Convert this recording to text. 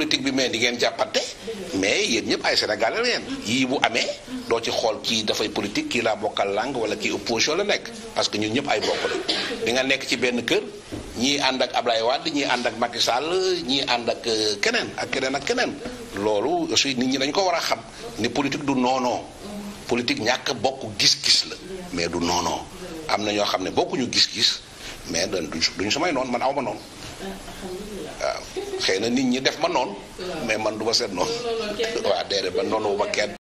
politique bi mais di ngeen jàppante mais yéen ñëpp ay Sénégal la ngeen yii bu amee doo ci xool kii dafay politique kii la bokkal langue wala kii opposition la nekk parce que ñun ñëpp ay bokk la di nga nekk ci benn kër ñii ànd ak Ablaye Wade ñii ànd ak Macky Sall ñii ànd ak euh, keneen ak keneen ak keneen loolu aussi nit ñi dañ ko war a xam ni politique du noonoo politique ñàkk bokk gis-gis la mais du noonoo am na ñoo xam ne bokkuñu gis-gis mais dañ duñ samay noon man aw ma noonu. waaw xëy na nit ñi def ma noon mais man du ma seet noonu. waaw déedéet ba noonu wu ma kenn.